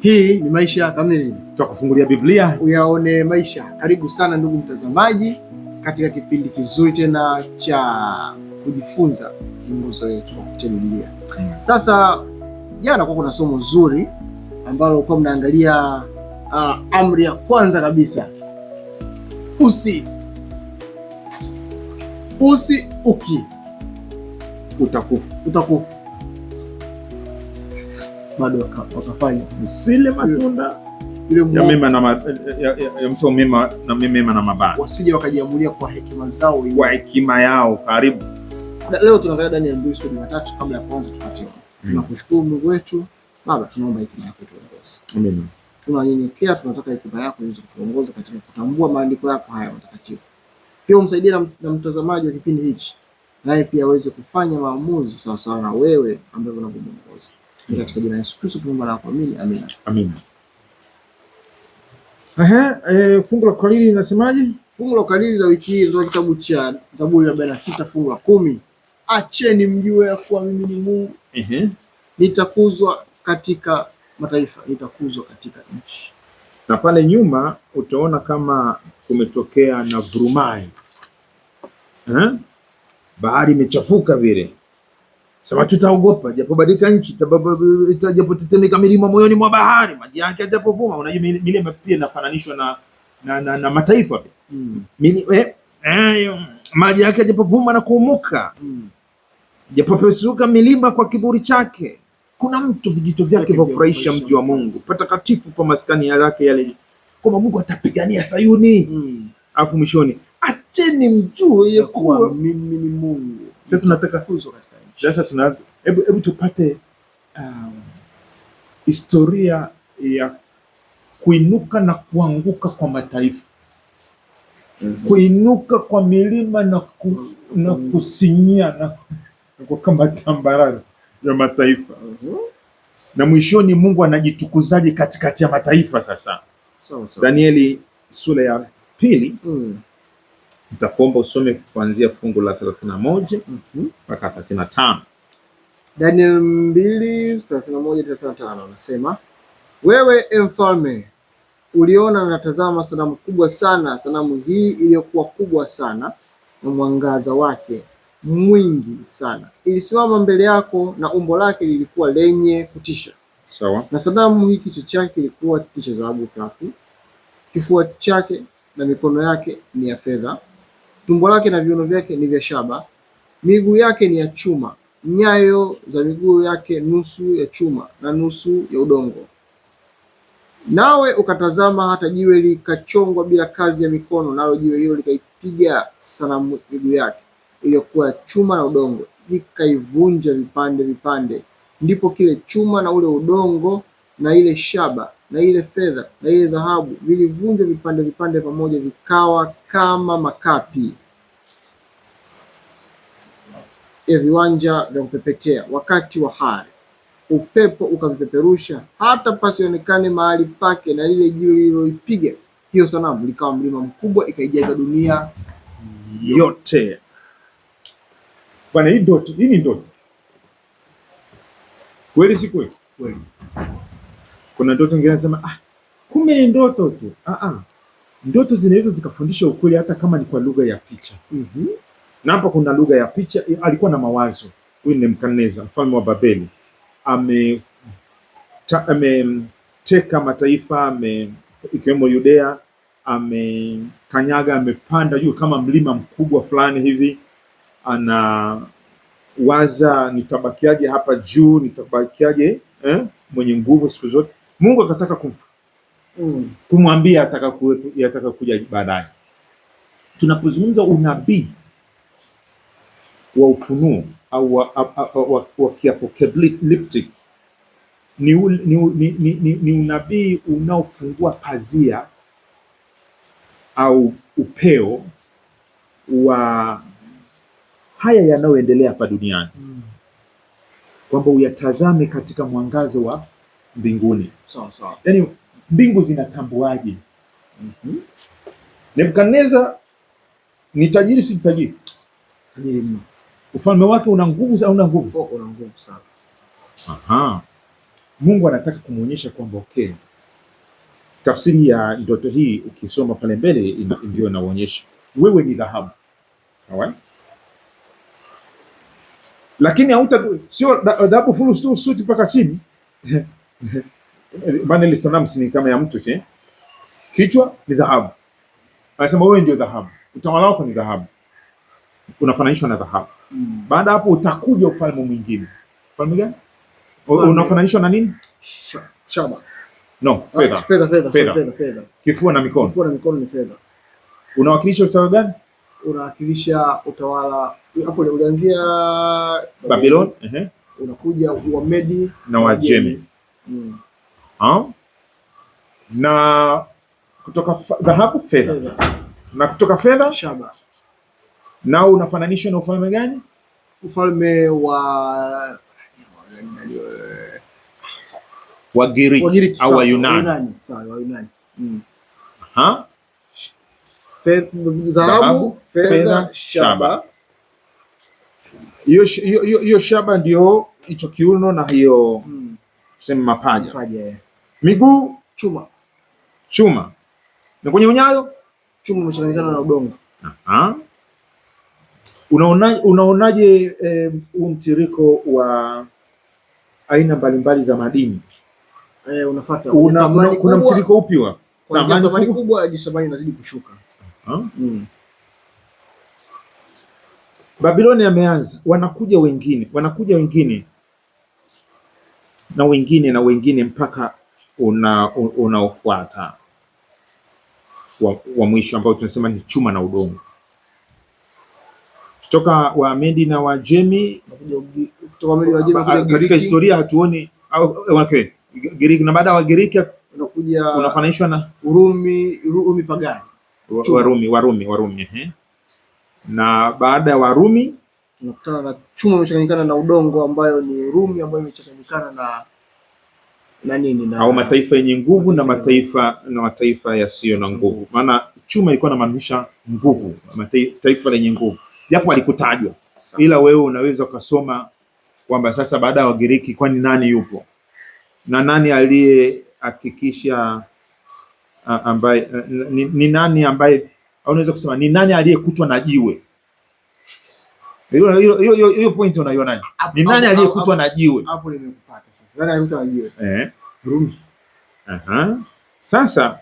Hii ni Maisha Kamili, tutakufungulia Biblia uyaone maisha. Karibu sana ndugu mtazamaji, katika kipindi kizuri tena cha kujifunza miongozo yetu kwa kupitia Biblia. Mm. Sasa jana kwa kuna somo zuri ambalo kwa mnaangalia uh, amri ya kwanza kabisa, usi usi uki utakufa utakufa bado wakafanya usile matunda ya na ya, mtu mema na mema na mabaya, wasije wakajiamulia kwa hekima zao, kwa hekima yao. Karibu leo tunaangalia ya mbili siku Jumatatu, kabla ya kwanza tukatiwa. Hmm. Tunakushukuru Mungu wetu Baba, tunaomba hekima yako tuongoze. Amina. Tunanyenyekea, tunataka hekima yako iweze kutuongoza katika kutambua maandiko yako haya matakatifu. Pia umsaidie na, mtazamaji wa kipindi hichi naye pia aweze kufanya maamuzi sawasawa na wewe ambavyo unavyomuongoza katika jina la Yesu Kristo tunaomba na kuamini, amina. Amina. E, fungu la ukariri linasemaje? Fungu la la wiki hii ndio kitabu cha Zaburi fungu la kumi. Acheni mjue ya kuwa mimi ni Mungu. Ehe. Nitakuzwa katika mataifa, nitakuzwa katika nchi. Na pale nyuma utaona kama kumetokea na vurumai, bahari imechafuka vile Sema tutaogopa japobadilika nchi, japotetemeka milima moyoni mwa bahari, maji yake atapovuma. Unajua milima pia inafananishwa na, na, na, na mataifa pia mm. eh, eh, maji yake ajapovuma na kuumuka mm. japopesuka milima kwa kiburi chake. Kuna mtu vijito vyake vyafurahisha mji wa Mungu patakatifu kwa maskani yake yale, kama Mungu atapigania Sayuni mm. alafu mwishoni, acheni mjue ya kuwa mimi ni Mungu. Sasa tunataka kuzwa sasa tuna hebu hebu tupate um, historia ya kuinuka na kuanguka kwa mataifa mm -hmm. kuinuka kwa milima na, ku, na kusinyia na, na kama matambarare ya mataifa mm -hmm. na mwishoni Mungu anajitukuzaje katikati ya mataifa sasa so, so. Danieli sura ya pili mm. Nitakuomba usome kuanzia fungu la thelathini na moja mhm. mpaka thelathini na tano Daniel mbili thelathini na moja thelathini na tano Anasema, wewe e mfalme, uliona na tazama sanamu kubwa sana, sanamu hii iliyokuwa kubwa sana na mwangaza wake mwingi sana ilisimama mbele yako, na umbo lake lilikuwa lenye kutisha. Sawa. Na sanamu hii kichwa chake kilikuwa kiti cha dhahabu safi, kifua chake na mikono yake ni ya fedha, Tumbo lake na viuno vyake ni vya shaba, miguu yake ni ya chuma, nyayo za miguu yake nusu ya chuma na nusu ya udongo. Nawe ukatazama hata jiwe likachongwa bila kazi ya mikono, nalo jiwe hilo likaipiga sanamu miguu yake iliyokuwa ya chuma na udongo, likaivunja vipande vipande. Ndipo kile chuma na ule udongo na ile shaba na ile fedha na ile dhahabu vilivunjwa vipande vipande pamoja, vikawa kama makapi. ya viwanja vya kupepetea wakati wa hari, upepo ukavipeperusha hata pasionekane mahali pake, na lile jiwe lililoipiga hiyo sanamu likawa mlima mkubwa, ikaijaza dunia yote. Bwana, hii ndoto hii ni ndoto kweli, si kweli? Kweli. Kuna ndoto nyingine nasema ah, kumbe ni ndoto tu. Ah, ah, ndoto zinaweza zikafundisha ukweli hata kama ni kwa lugha ya picha. mm -hmm na hapa kuna lugha ya picha. Alikuwa na mawazo huyu Nebukadneza mfalme wa Babeli, ameteka mataifa ame, ikiwemo Yudea, amekanyaga, amepanda juu kama mlima mkubwa fulani hivi, anawaza nitabakiaje hapa juu, nitabakiaje eh, mwenye nguvu siku zote. Mungu akataka mm. kumwambia yataka kuja baadaye. Tunapozungumza unabii wa ufunuo au wa, wa, wa, wa kiapokaliptic ni, ni, ni, ni, ni unabii unaofungua pazia au upeo wa haya yanayoendelea hapa duniani hmm. Kwamba uyatazame katika mwangazo wa mbinguni sawa sawa. Yani mbingu zinatambuaje? mm -hmm. Nebukadneza ni tajiri si tajiri? Tajiri mno Ufalme wake una nguvu au una nguvu? Una nguvu sana. Aha. Mungu anataka kumwonyesha kwamba okay. Tafsiri ya ndoto hii ukisoma pale mbele ndio inaonyesha wewe ni dhahabu, sawa? Lakini hauta sio dhahabu full suit mpaka chini Bana ile sanamu si kama ya mtu che, kichwa ni dhahabu. Anasema wewe ndio dhahabu, utawala wako ni dhahabu, unafananishwa na dhahabu. Baada hapo utakuja ufalme mwingine. Ufalme gani? Unafananishwa na nini? Chama. No, ah, fedha. Ah, Fedha, fedha, fedha, fedha. fedha. Kifua na mikono. Kifua na mikono ni fedha. Unawakilisha utawala gani? Unawakilisha utawala hapo ulianzia Babylon, ehe. Unakuja wa Medi na wa Jemi. Mm. Ah? Na kutoka dhahabu fedha. Na kutoka fedha shaba na unafananishwa na ufalme gani? Ufalme wa wa Wagiriki au wa wa Yunani? Sawa, mm. Wayunani. Dhahabu, fedha, shaba. Hiyo shaba ndio hicho kiuno na hiyo mm. sema mapaja, mapaja. Miguu chuma, chuma na kwenye unyayo chuma umechanganyikana na udongo. Aha. Unaonaje, unaonaje eh, huu mtiriko wa aina mbalimbali za madini e, eh, unafuata una, una, kuna mtiriko upi wa thamani kubwa? Thamani inazidi kushuka mm. Babiloni ameanza, wanakuja wengine, wanakuja wengine na wengine na wengine mpaka unaofuata una wa, wa mwisho ambao tunasema ni chuma na udongo kutoka Wamedi na Wajemi katika historia hatuoni eh, Giriki na baada ya unakuja unafananishwa na Urumi, Urumi pagani Warumi, Warumi, Warumi ehe. Na baada ya Warumi unakutana na chuma imechanganyikana na udongo ambayo ni rumi ambayo imechanganyikana na na nini na au mataifa yenye nguvu na mataifa na mataifa yasiyo na nguvu, maana chuma ilikuwa inamaanisha nguvu, mataifa lenye nguvu japo alikutajwa, ila wewe unaweza ukasoma kwamba sasa baada ya Wagiriki, kwani nani yupo na nani aliyehakikisha ambaye ni, ni nani ambaye au unaweza kusema ni nani aliyekutwa na jiwe? Hiyo point unaiona, ni nani aliyekutwa na jiwe? Hapo nimekupata sasa. Nani alikutwa na jiwe? Eh, Rumi. Aha, sasa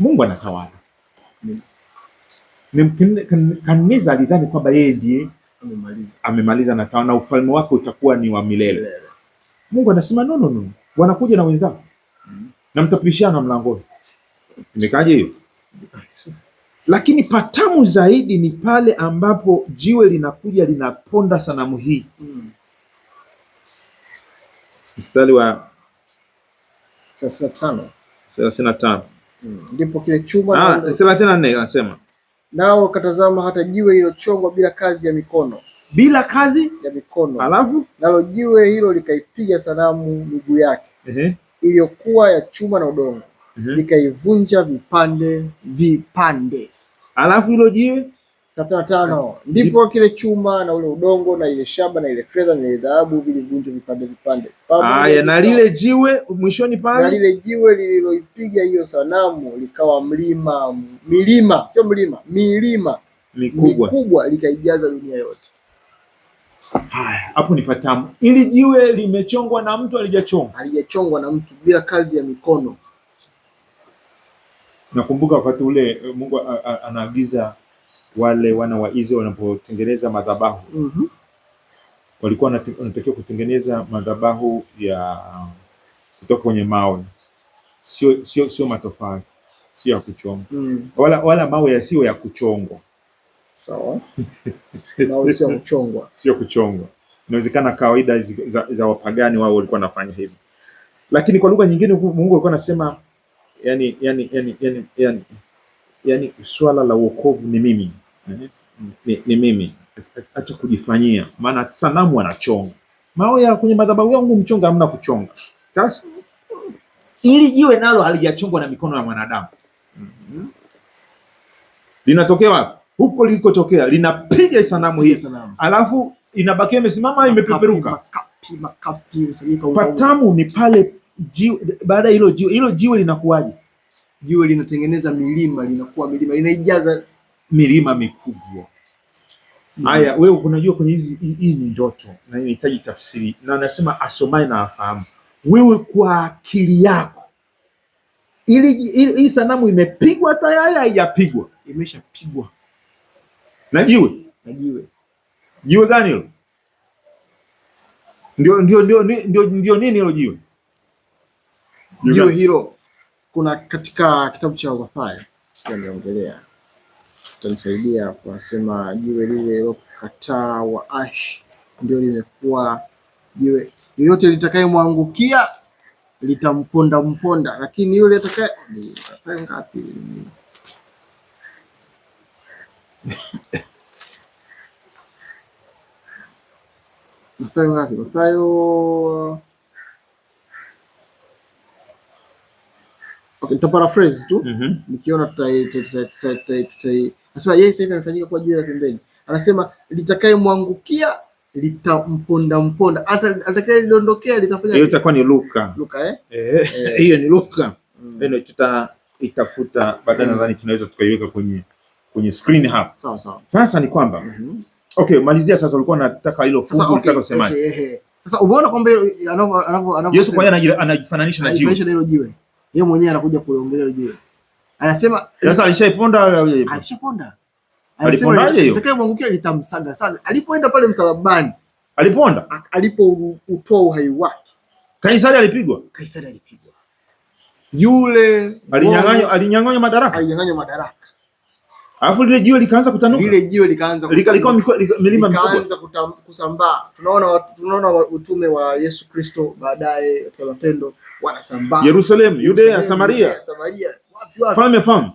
Mungu anatawala. Kaneza alidhani kwamba yeye ndiye amemaliza, amemaliza natawala na ufalme wake utakuwa ni wa milele. Mungu anasema no, no, no, wanakuja na wenzao na mtapishana mlangoni. Imekaje hiyo? Lakini patamu zaidi ni pale ambapo jiwe linakuja linaponda sanamu hii mstari wa thelathini na tano Mm. ndipo kile chuma ah, thelathini na nne anasema nao katazama hata jiwe lililochongwa bila kazi ya mikono bila kazi ya mikono alafu nalo jiwe hilo likaipiga sanamu miguu yake uh -huh. iliyokuwa ya chuma na udongo uh -huh. likaivunja vipande vipande, alafu hilo jiwe thelathini na tano ndipo kile chuma na ule udongo na ile shaba na ile fedha na ile dhahabu vilivunjwa vipande vipande. Haya, na lile jiwe mwishoni pale, na lile jiwe lililoipiga hiyo sanamu likawa mlima, milima sio mlima, milima mikubwa, mikubwa likaijaza dunia yote. Haya, hapo ni patamu. Ili jiwe limechongwa na mtu alijachongwa, alijachongwa na mtu bila kazi ya mikono. Nakumbuka wakati ule eh, Mungu anaagiza wale wana wa Israeli wanapotengeneza madhabahu mm -hmm. walikuwa wanatakiwa kutengeneza madhabahu ya kutoka kwenye mawe, sio sio sio matofali, sio ya kuchongwa mm. wala wala mawe yasiyo ya kuchongwa sawa. mawe sio kuchongwa, sio kuchongwa. Inawezekana kawaida za, za wapagani wao walikuwa wanafanya hivi lakini kwa lugha nyingine Mungu alikuwa anasema yani, yani, yani, yani, yani yani swala la uokovu ni mimi ni, ni mimi, acha kujifanyia. Maana sanamu wanachonga mawe ya kwenye madhabahu yangu, mchonga amna kuchonga. kasi, ili jiwe nalo halijachongwa na mikono ya mwanadamu linatokea wapi? Huko lilikotokea linapiga sanamu hii sanamu, alafu inabakia imesimama, imepeperuka patamu ni pale jiwe. Baada ya hilo jiwe, hilo jiwe linakuwaje? Jiwe linatengeneza milima, linakuwa milima, linaijaza milima mikubwa. Mm. Haya, wewe unajua kwenye hizi, hii ni ndoto na inahitaji tafsiri, na anasema asomaye na afahamu. Wewe kwa akili yako, ili hii sanamu imepigwa tayari, haijapigwa? Imeshapigwa na jiwe. Na jiwe, jiwe gani hilo? Ndio, ndio, ndio, ndio, ndio, nini hilo jiwe? Jiwe hilo kuna katika kitabu cha Mathayo ameongelea, utanisaidia kunasema, jiwe lile wa waashi ndio limekuwa jiwe, yoyote litakayemwangukia litamponda mponda, lakini yule atakaye Mathayo ngapi? Mathayo ngapi? Mathayo Okay, nita paraphrase tu mm -hmm. Nikiona tutai nasema yeye sasa hivi amefanyika kuwa jiwe la pembeni. Anasema litakayemwangukia litamponda mponda, hata atakayelidondokea litafanya. Hiyo itakuwa ni Luka. Luka eh? Eh, eh. Hiyo ni Luka. Mm. tuta itafuta baadaye mm. Nadhani tunaweza tukaiweka kwenye kwenye screen hapa. Sawa sawa. Sasa ni kwamba mhm. Okay, malizia sasa, ulikuwa unataka hilo fungu okay, okay, Sasa umeona kwamba Yesu kwa yeye anajifananisha na jiwe. Yeye mwenyewe anakuja kuliongelea hiyo. Anasema sasa alishaiponda au hajaponda? Alishaponda. Alipondaje hiyo? Atakayemwangukia litamsaga sana. Alipoenda pale msalabani, aliponda? Alipoutoa uhai wake. Kaisari alipigwa? Kaisari alipigwa. Yule alinyang'anywa alinyang'anywa madaraka. Alinyang'anywa madaraka. Alafu lile jiwe likaanza kutanuka. Lile jiwe likaanza kutanuka. Likawa milima mikubwa. Likaanza kusambaa. Tunaona tunaona utume wa Yesu Kristo baadaye katika matendo wanasambaa Yerusalemu, Yudea, Samaria, Samaria, wapi wapi, falme famu.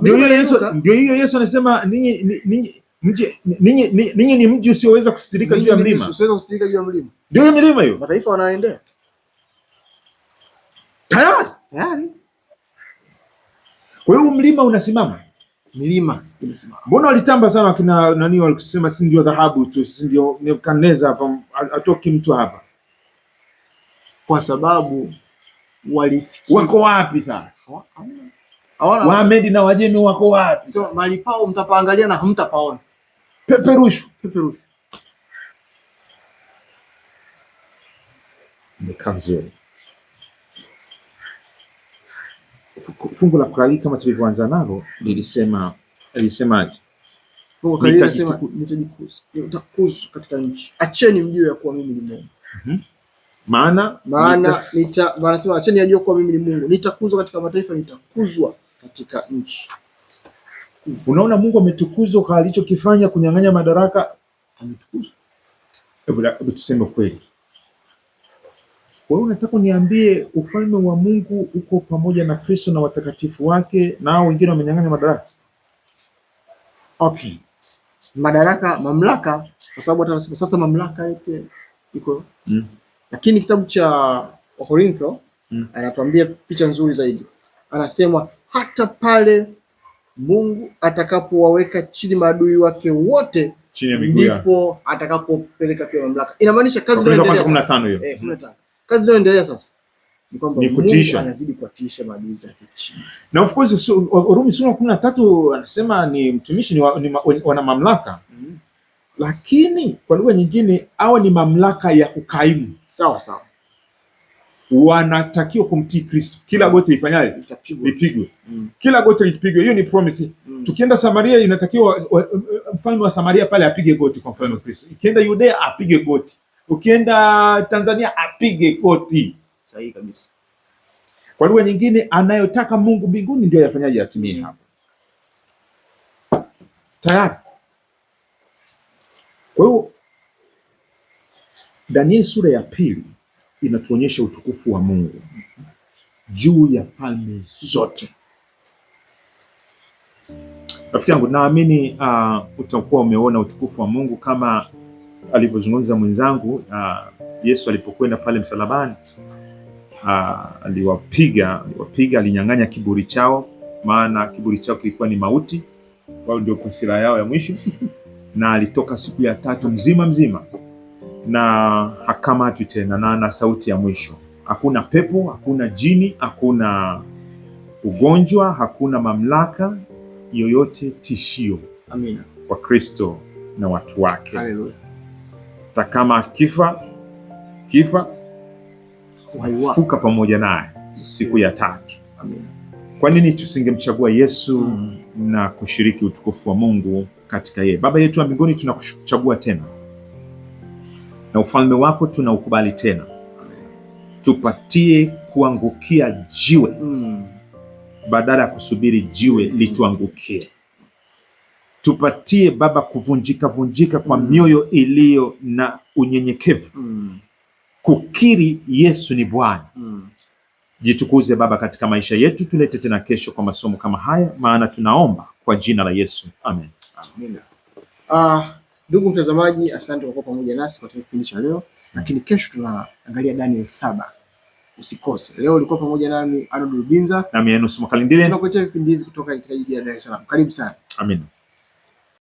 Ndio hiyo Yesu, ndio hiyo Yesu anasema ninyi ninyi mje ninyi ninyi ni mji usioweza kustirika juu ya mlima, usioweza kustirika juu ya mlima. Ndio hiyo milima hiyo, mataifa wanaendea tayari tayari. Kwa hiyo mlima unasimama, milima inasimama. Mbona walitamba sana wakina nani, walikusema si ndio dhahabu tu, si ndio Nebukadneza hapa atoki mtu hapa kwa sababu walifikia. Wako wapi sasa? Wamedi na Wajemi wako wapi? So, mali pao mtapaangalia na hamtapaona. Peperushu, peperushu. Fungu la Kukalili kama tulivyoanza nalo lilisema lilisemaje? Nitajikuza katika nchi, acheni mjue ya kuwa mimi ni Mungu maana maana nita wanasema acheni ajue kuwa mimi ni Mungu, nitakuzwa katika mataifa, nitakuzwa katika nchi. Unaona, Mungu ametukuzwa kwa alichokifanya, kunyang'anya madaraka, ametukuzwa. Hebu tuseme kweli, wewe unataka niambie ufalme wa Mungu uko pamoja na Kristo na watakatifu wake, na hao wengine wamenyang'anya madaraka? Okay, madaraka, mamlaka, kwa sababu hata sasa mamlaka yake iko mm. Lakini kitabu cha Wakorintho mm. anatuambia picha nzuri zaidi, anasema hata pale Mungu atakapowaweka chini maadui wake wote ndipo atakapopeleka pia mamlaka. Inamaanisha kazi inayoendelea sasa, eh, kazi inayoendelea sasa ni kwamba Mungu anazidi kuwatisha maadui zake chini. Na of course Warumi sura ya kumi na tatu anasema ni mtumishi ni, wa, wana mamlaka mm -hmm lakini kwa lugha nyingine hawa ni mamlaka ya kukaimu Sawa sawa, wanatakiwa kumtii Kristo. Kila goti lifanyaje? Lipigwe. mm. Kila goti lipigwe, hiyo ni promise. mm. Tukienda Samaria, inatakiwa eh, eh, mfalme wa Samaria pale apige goti kwa mfalme wa Kristo. Ukienda Yudea apige goti, ukienda Tanzania apige goti. Sahihi kabisa. Kwa lugha nyingine, anayotaka Mungu mbinguni ndio yafanyaje? Atimie hapo tayari kwa hiyo Danieli sura ya pili inatuonyesha utukufu wa Mungu juu ya falme zote. Rafiki yangu, naamini uh, utakuwa umeona utukufu wa Mungu kama alivyozungumza mwenzangu uh, Yesu alipokwenda pale msalabani uh, aliwapiga aliwapiga, alinyang'anya kiburi chao, maana kiburi chao kilikuwa ni mauti, wao ndio kwa silaha yao ya mwisho na alitoka siku ya tatu mzima mzima na hakamatwi tena, na ana sauti ya mwisho. Hakuna pepo, hakuna jini, hakuna ugonjwa, hakuna mamlaka yoyote tishio. Amina. Kwa Kristo na watu wake. Haleluya. Hata kama kifa kifa fuka pamoja naye siku ya tatu. Amina. Kwa nini tusingemchagua Yesu mm, na kushiriki utukufu wa Mungu katika yeye. Baba yetu wa mbinguni, tunakuchagua tena na ufalme wako tunaukubali tena, tupatie kuangukia jiwe mm. badala ya kusubiri jiwe lituangukie. Tupatie Baba kuvunjika vunjika kwa mm. mioyo iliyo na unyenyekevu mm. kukiri Yesu ni Bwana mm. Jitukuze Baba katika maisha yetu, tulete tena kesho kwa masomo kama haya, maana tunaomba kwa jina la Yesu Amen. Amina. Ah, ndugu mtazamaji, asante kwa kuwa pamoja nasi katika kipindi cha leo, lakini kesho tunaangalia Daniel saba. Usikose. Leo ulikuwa pamoja nami Arnold Rubinza na mimi Enos Makalindile. Tunakuletea vipindi hivi kutoka katika jiji la Dar es Salaam. Karibu sana. Amina.